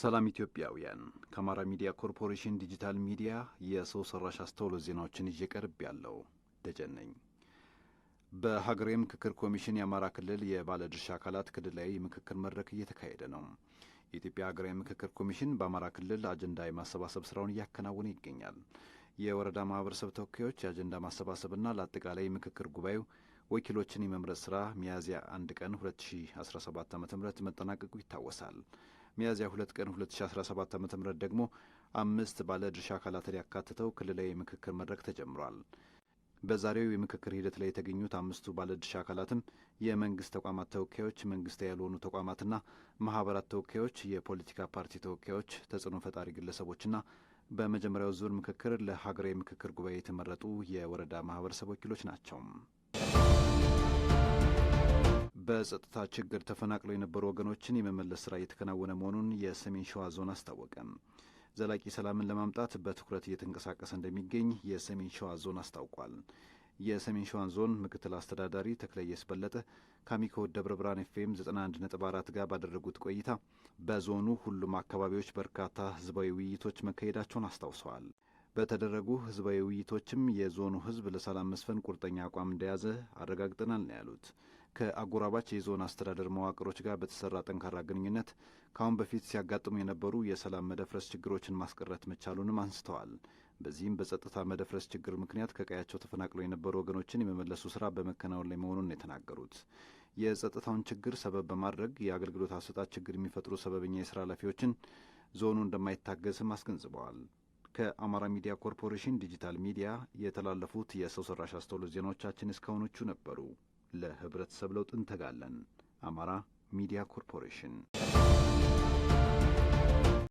ሰላም ኢትዮጵያውያን፣ ከአማራ ሚዲያ ኮርፖሬሽን ዲጂታል ሚዲያ የሰው ሰራሽ አስተውሎት ዜናዎችን ይዤ ቀርብ ያለው ደጀን ነኝ። በሀገራዊ ምክክር ኮሚሽን የአማራ ክልል የባለድርሻ አካላት ክልላዊ የምክክር መድረክ እየተካሄደ ነው። የኢትዮጵያ ሀገራዊ ምክክር ኮሚሽን በአማራ ክልል አጀንዳ የማሰባሰብ ስራውን እያከናወነ ይገኛል። የወረዳ ማህበረሰብ ተወካዮች የአጀንዳ ማሰባሰብና ለአጠቃላይ ምክክር ጉባኤው ወኪሎችን የመምረጥ ስራ ሚያዝያ አንድ ቀን 2017 ዓ ም መጠናቀቁ ይታወሳል። ሚያዝያ ሁለት ቀን 2017 ዓ ም ደግሞ አምስት ባለ ድርሻ አካላትን ያካትተው ክልላዊ የምክክር መድረክ ተጀምሯል። በዛሬው የምክክር ሂደት ላይ የተገኙት አምስቱ ባለድርሻ አካላትም የመንግስት ተቋማት ተወካዮች፣ መንግስት ያልሆኑ ተቋማትና ማህበራት ተወካዮች፣ የፖለቲካ ፓርቲ ተወካዮች፣ ተጽዕኖ ፈጣሪ ግለሰቦችና በመጀመሪያው ዙር ምክክር ለሀገራዊ ምክክር ጉባኤ የተመረጡ የወረዳ ማህበረሰብ ወኪሎች ናቸው። በጸጥታ ችግር ተፈናቅለው የነበሩ ወገኖችን የመመለስ ስራ እየተከናወነ መሆኑን የሰሜን ሸዋ ዞን አስታወቀ። ዘላቂ ሰላምን ለማምጣት በትኩረት እየተንቀሳቀሰ እንደሚገኝ የሰሜን ሸዋ ዞን አስታውቋል። የሰሜን ሸዋን ዞን ምክትል አስተዳዳሪ ተክለየስ በለጠ ካሚኮ ደብረ ብርሃን ኤፍኤም 4 ጋር ባደረጉት ቆይታ በዞኑ ሁሉም አካባቢዎች በርካታ ህዝባዊ ውይይቶች መካሄዳቸውን አስታውሰዋል። በተደረጉ ህዝባዊ ውይይቶችም የዞኑ ህዝብ ለሰላም መስፈን ቁርጠኛ አቋም እንደያዘ አረጋግጠናል ነው ያሉት። ከአጎራባች የዞን አስተዳደር መዋቅሮች ጋር በተሰራ ጠንካራ ግንኙነት ከአሁን በፊት ሲያጋጥሙ የነበሩ የሰላም መደፍረስ ችግሮችን ማስቀረት መቻሉንም አንስተዋል። በዚህም በጸጥታ መደፍረስ ችግር ምክንያት ከቀያቸው ተፈናቅለው የነበሩ ወገኖችን የመመለሱ ስራ በመከናወን ላይ መሆኑን የተናገሩት የጸጥታውን ችግር ሰበብ በማድረግ የአገልግሎት አሰጣት ችግር የሚፈጥሩ ሰበበኛ የስራ ኃላፊዎችን ዞኑ እንደማይታገስም አስገንዝበዋል። ከአማራ ሚዲያ ኮርፖሬሽን ዲጂታል ሚዲያ የተላለፉት የሰው ሰራሽ አስተውሎት ዜናዎቻችን እስካሁኖቹ ነበሩ። ለህብረተሰብ ለውጥ እንተጋለን። አማራ ሚዲያ ኮርፖሬሽን